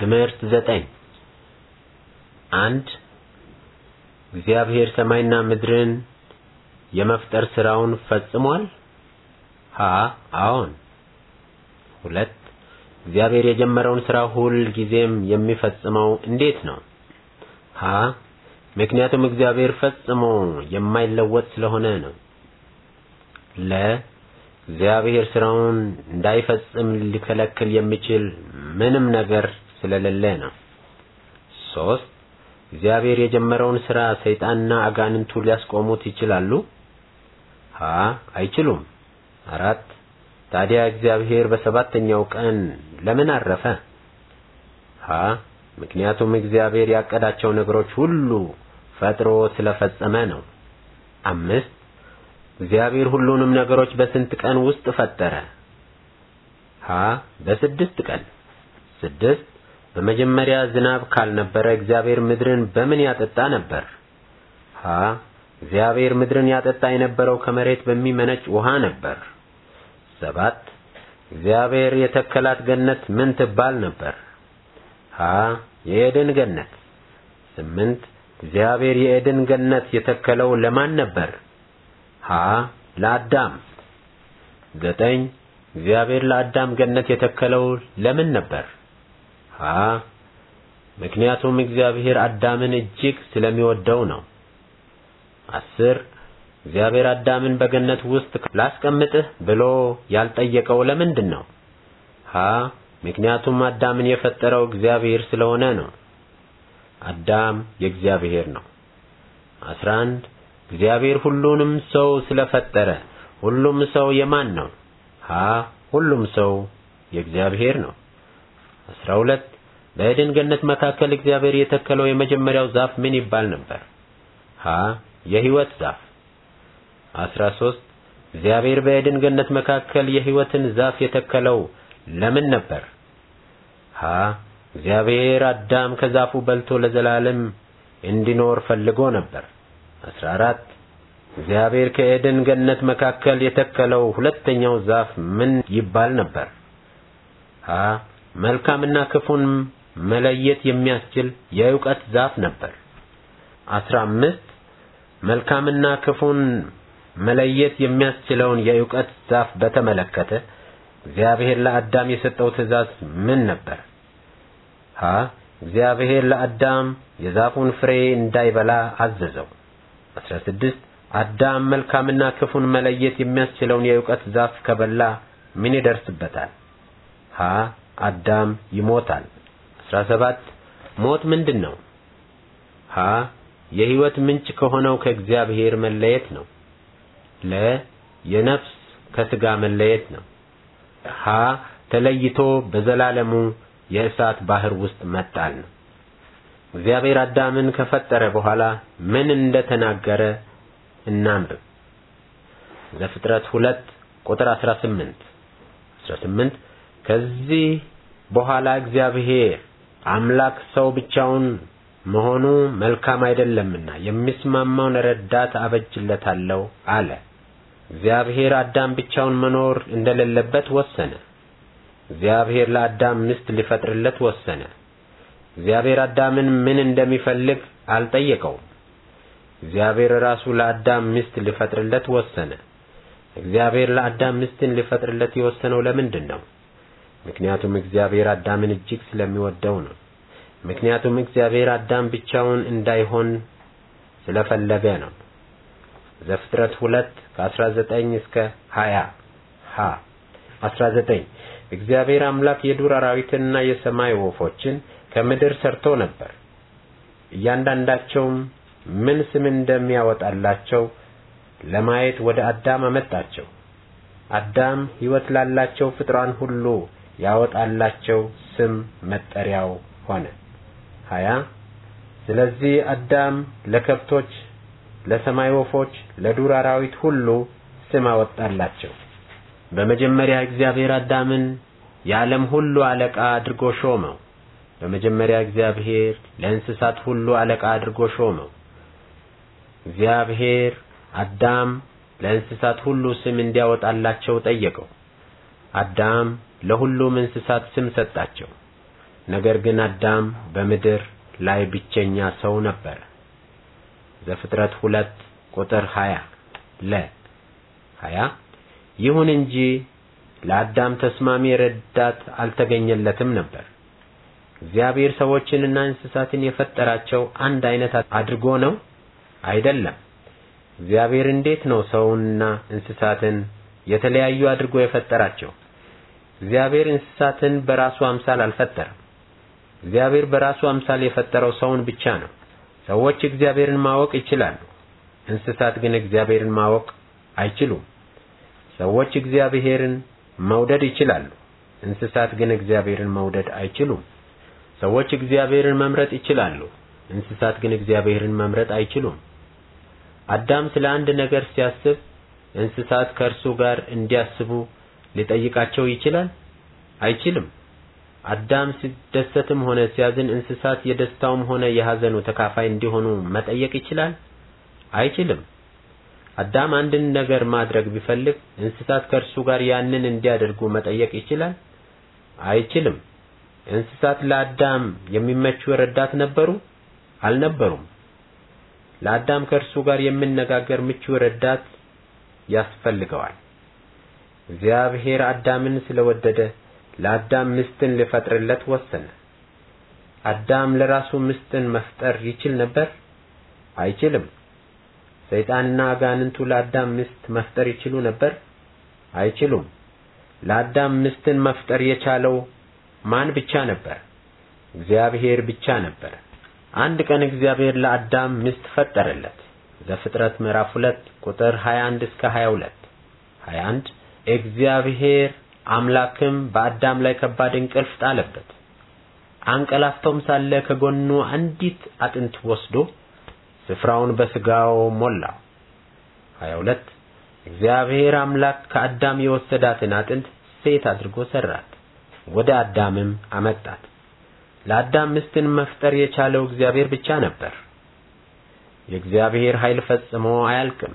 ትምህርት ዘጠኝ አንድ እግዚአብሔር ሰማይና ምድርን የመፍጠር ስራውን ፈጽሟል? ሀ አዎን። ሁለት እግዚአብሔር የጀመረውን ስራ ሁል ጊዜም የሚፈጽመው እንዴት ነው? ሀ ምክንያቱም እግዚአብሔር ፈጽሞ የማይለወጥ ስለሆነ ነው። ለ እግዚአብሔር ስራውን እንዳይፈጽም ሊከለክል የሚችል ምንም ነገር ስለሌለ ነው። ሶስት እግዚአብሔር የጀመረውን ስራ ሰይጣንና አጋንንቱ ሊያስቆሙት ይችላሉ? ሀ አይችሉም። አራት ታዲያ እግዚአብሔር በሰባተኛው ቀን ለምን አረፈ? ሀ ምክንያቱም እግዚአብሔር ያቀዳቸው ነገሮች ሁሉ ፈጥሮ ስለፈጸመ ነው። አምስት እግዚአብሔር ሁሉንም ነገሮች በስንት ቀን ውስጥ ፈጠረ? ሀ በስድስት ቀን። ስድስት በመጀመሪያ ዝናብ ካልነበረ እግዚአብሔር ምድርን በምን ያጠጣ ነበር? ሀ እግዚአብሔር ምድርን ያጠጣ የነበረው ከመሬት በሚመነጭ ውሃ ነበር። ሰባት እግዚአብሔር የተከላት ገነት ምን ትባል ነበር? ሀ የኤድን ገነት። ስምንት እግዚአብሔር የኤድን ገነት የተከለው ለማን ነበር? ሀ ለአዳም። ዘጠኝ እግዚአብሔር ለአዳም ገነት የተከለው ለምን ነበር? ሀ ምክንያቱም እግዚአብሔር አዳምን እጅግ ስለሚወደው ነው። አስር እግዚአብሔር አዳምን በገነት ውስጥ ላስቀምጥህ ብሎ ያልጠየቀው ለምንድን ነው? ሀ ምክንያቱም አዳምን የፈጠረው እግዚአብሔር ስለሆነ ነው። አዳም የእግዚአብሔር ነው። አስራ አንድ እግዚአብሔር ሁሉንም ሰው ስለፈጠረ ሁሉም ሰው የማን ነው? ሀ ሁሉም ሰው የእግዚአብሔር ነው። አስራ ሁለት በኤደን ገነት መካከል እግዚአብሔር የተከለው የመጀመሪያው ዛፍ ምን ይባል ነበር? ሀ የህይወት ዛፍ። አስራ ሶስት እግዚአብሔር በኤደን ገነት መካከል የህይወትን ዛፍ የተከለው ለምን ነበር? ሀ እግዚአብሔር አዳም ከዛፉ በልቶ ለዘላለም እንዲኖር ፈልጎ ነበር። አስራ አራት እግዚአብሔር ከኤደን ገነት መካከል የተከለው ሁለተኛው ዛፍ ምን ይባል ነበር? ሀ መልካምና ክፉን መለየት የሚያስችል የእውቀት ዛፍ ነበር። አስራ መልካምና ክፉን መለየት የሚያስችለውን የእውቀት ዛፍ በተመለከተ እግዚአብሔር ለአዳም የሰጠው ትእዛዝ ምን ነበር? ሀ እግዚአብሔር ለአዳም የዛፉን ፍሬ እንዳይበላ አዘዘው። 16 አዳም መልካምና ክፉን መለየት የሚያስችለውን የእውቀት ዛፍ ከበላ ምን ይደርስበታል? ሀ አዳም ይሞታል። 17 ሞት ምንድን ነው? ሀ የህይወት ምንጭ ከሆነው ከእግዚአብሔር መለየት ነው። ለ የነፍስ ከስጋ መለየት ነው። ሀ ተለይቶ በዘላለሙ የእሳት ባህር ውስጥ መጣል ነው። እግዚአብሔር አዳምን ከፈጠረ በኋላ ምን እንደተናገረ እናንብብ። ዘፍጥረት 2 ቁጥር 18 18 ከዚህ በኋላ እግዚአብሔር አምላክ ሰው ብቻውን መሆኑ መልካም አይደለምና የሚስማማውን ረዳት አበጅለታለሁ አለ። እግዚአብሔር አዳም ብቻውን መኖር እንደሌለበት ወሰነ። እግዚአብሔር ለአዳም ሚስት ሊፈጥርለት ወሰነ። እግዚአብሔር አዳምን ምን እንደሚፈልግ አልጠየቀውም። እግዚአብሔር ራሱ ለአዳም ሚስት ሊፈጥርለት ወሰነ። እግዚአብሔር ለአዳም ሚስትን ሊፈጥርለት የወሰነው ለምንድን ነው? ምክንያቱም እግዚአብሔር አዳምን እጅግ ስለሚወደው ነው። ምክንያቱም እግዚአብሔር አዳም ብቻውን እንዳይሆን ስለፈለገ ነው። ዘፍጥረት ሁለት ከአስራ ዘጠኝ እስከ ሀያ ሀ አስራ ዘጠኝ እግዚአብሔር አምላክ የዱር አራዊትንና የሰማይ ወፎችን ከምድር ሰርቶ ነበር። እያንዳንዳቸውም ምን ስም እንደሚያወጣላቸው ለማየት ወደ አዳም አመጣቸው። አዳም ሕይወት ላላቸው ፍጥሯን ሁሉ ያወጣላቸው ስም መጠሪያው ሆነ። ሀያ ስለዚህ አዳም ለከብቶች፣ ለሰማይ ወፎች፣ ለዱር አራዊት ሁሉ ስም አወጣላቸው። በመጀመሪያ እግዚአብሔር አዳምን የዓለም ሁሉ አለቃ አድርጎ ሾመው። በመጀመሪያ እግዚአብሔር ለእንስሳት ሁሉ አለቃ አድርጎ ሾመው። እግዚአብሔር አዳም ለእንስሳት ሁሉ ስም እንዲያወጣላቸው ጠየቀው። አዳም ለሁሉም እንስሳት ስም ሰጣቸው። ነገር ግን አዳም በምድር ላይ ብቸኛ ሰው ነበር ዘፍጥረት ሁለት ቁጥር 20 ለ 20 ይሁን እንጂ ለአዳም ተስማሚ ረዳት አልተገኘለትም ነበር። እግዚአብሔር ሰዎችንና እንስሳትን የፈጠራቸው አንድ አይነት አድርጎ ነው? አይደለም። እግዚአብሔር እንዴት ነው ሰውንና እንስሳትን የተለያዩ አድርጎ የፈጠራቸው? እግዚአብሔር እንስሳትን በራሱ አምሳል አልፈጠረም። እግዚአብሔር በራሱ አምሳል የፈጠረው ሰውን ብቻ ነው። ሰዎች እግዚአብሔርን ማወቅ ይችላሉ። እንስሳት ግን እግዚአብሔርን ማወቅ አይችሉም። ሰዎች እግዚአብሔርን መውደድ ይችላሉ። እንስሳት ግን እግዚአብሔርን መውደድ አይችሉም። ሰዎች እግዚአብሔርን መምረጥ ይችላሉ። እንስሳት ግን እግዚአብሔርን መምረጥ አይችሉም። አዳም ስለ አንድ ነገር ሲያስብ እንስሳት ከእርሱ ጋር እንዲያስቡ ሊጠይቃቸው ይችላል? አይችልም። አዳም ሲደሰትም ሆነ ሲያዝን እንስሳት የደስታውም ሆነ የሐዘኑ ተካፋይ እንዲሆኑ መጠየቅ ይችላል? አይችልም። አዳም አንድን ነገር ማድረግ ቢፈልግ እንስሳት ከእርሱ ጋር ያንን እንዲያደርጉ መጠየቅ ይችላል? አይችልም። እንስሳት ለአዳም የሚመቹ ረዳት ነበሩ? አልነበሩም። ለአዳም ከእርሱ ጋር የሚነጋገር ምቹ ረዳት ያስፈልገዋል። እግዚአብሔር አዳምን ስለወደደ ለአዳም ምስትን ሊፈጥርለት ወሰነ። አዳም ለራሱ ምስትን መፍጠር ይችል ነበር? አይችልም። ሰይጣንና አጋንንቱ ለአዳም ምስት መፍጠር ይችሉ ነበር? አይችሉም። ለአዳም ምስትን መፍጠር የቻለው ማን ብቻ ነበር? እግዚአብሔር ብቻ ነበር። አንድ ቀን እግዚአብሔር ለአዳም ምስት ፈጠረለት። ዘፍጥረት ምዕራፍ 2 ቁጥር 21 እስከ 22 21 እግዚአብሔር አምላክም በአዳም ላይ ከባድ እንቅልፍ ጣለበት። አንቀላፍቶም ሳለ ከጎኑ አንዲት አጥንት ወስዶ ስፍራውን በስጋው ሞላ። 22 እግዚአብሔር አምላክ ከአዳም የወሰዳትን አጥንት ሴት አድርጎ ሰራት፣ ወደ አዳምም አመጣት። ለአዳም ምስትን መፍጠር የቻለው እግዚአብሔር ብቻ ነበር። የእግዚአብሔር ኃይል ፈጽሞ አያልቅም።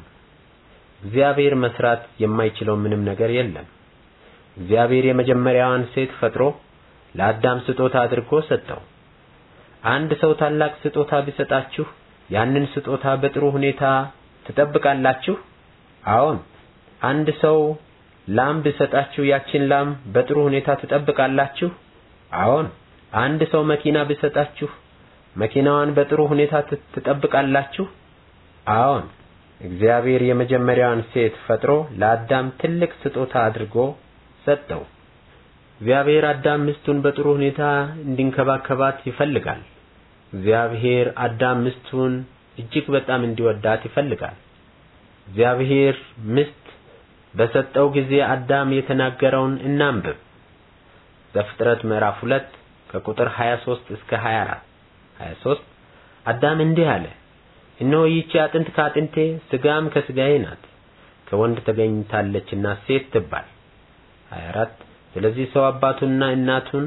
እግዚአብሔር መስራት የማይችለው ምንም ነገር የለም። እግዚአብሔር የመጀመሪያዋን ሴት ፈጥሮ ለአዳም ስጦታ አድርጎ ሰጠው። አንድ ሰው ታላቅ ስጦታ ቢሰጣችሁ ያንን ስጦታ በጥሩ ሁኔታ ትጠብቃላችሁ? አዎን። አንድ ሰው ላም ቢሰጣችሁ ያችን ላም በጥሩ ሁኔታ ትጠብቃላችሁ? አዎን። አንድ ሰው መኪና ቢሰጣችሁ መኪናዋን በጥሩ ሁኔታ ትጠብቃላችሁ? አዎን። እግዚአብሔር የመጀመሪያዋን ሴት ፈጥሮ ለአዳም ትልቅ ስጦታ አድርጎ ሰጠው። እግዚአብሔር አዳም ሚስቱን በጥሩ ሁኔታ እንዲንከባከባት ይፈልጋል። እግዚአብሔር አዳም ሚስቱን እጅግ በጣም እንዲወዳት ይፈልጋል። እግዚአብሔር ሚስት በሰጠው ጊዜ አዳም የተናገረውን እናንብብ። ዘፍጥረት ምዕራፍ 2 ከቁጥር 23 እስከ 24 23 አዳም እንዲህ አለ እነሆ ይህች አጥንት ከአጥንቴ ስጋም ከስጋዬ ናት ከወንድ ተገኝታለችና ሴት ትባል 24 ስለዚህ ሰው አባቱንና እናቱን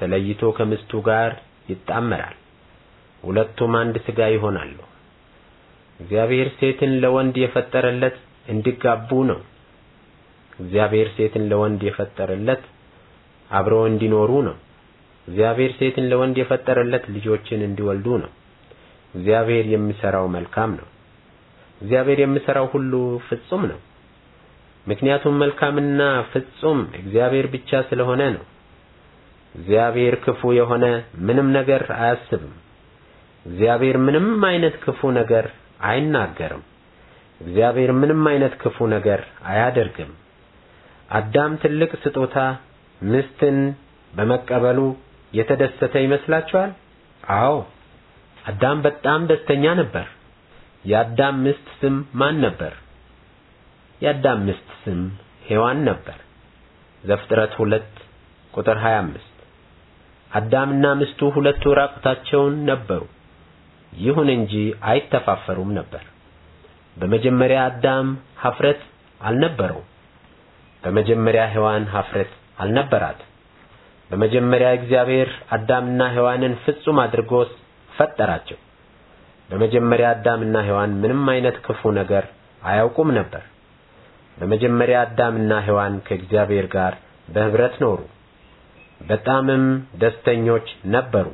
ተለይቶ ከምስቱ ጋር ይጣመራል ሁለቱም አንድ ስጋ ይሆናሉ እግዚአብሔር ሴትን ለወንድ የፈጠረለት እንዲጋቡ ነው እግዚአብሔር ሴትን ለወንድ የፈጠረለት አብረው እንዲኖሩ ነው እግዚአብሔር ሴትን ለወንድ የፈጠረለት ልጆችን እንዲወልዱ ነው እግዚአብሔር የሚሰራው መልካም ነው። እግዚአብሔር የሚሰራው ሁሉ ፍጹም ነው። ምክንያቱም መልካምና ፍጹም እግዚአብሔር ብቻ ስለሆነ ነው። እግዚአብሔር ክፉ የሆነ ምንም ነገር አያስብም። እግዚአብሔር ምንም አይነት ክፉ ነገር አይናገርም። እግዚአብሔር ምንም አይነት ክፉ ነገር አያደርግም። አዳም ትልቅ ስጦታ ምስትን በመቀበሉ የተደሰተ ይመስላችኋል? አዎ። አዳም በጣም ደስተኛ ነበር። የአዳም ሚስት ስም ማን ነበር? የአዳም ሚስት ስም ሔዋን ነበር። ዘፍጥረት 2 ቁጥር 25 አዳምና ሚስቱ ሁለቱ ራቁታቸውን ነበሩ፣ ይሁን እንጂ አይተፋፈሩም ነበር። በመጀመሪያ አዳም ሀፍረት አልነበረው በመጀመሪያ ሔዋን ሀፍረት አልነበራት። በመጀመሪያ እግዚአብሔር አዳምና ሔዋንን ፍጹም አድርጎ ፈጠራቸው። በመጀመሪያ አዳምና ሔዋን ምንም አይነት ክፉ ነገር አያውቁም ነበር። በመጀመሪያ አዳምና ሔዋን ከእግዚአብሔር ጋር በህብረት ኖሩ፣ በጣምም ደስተኞች ነበሩ።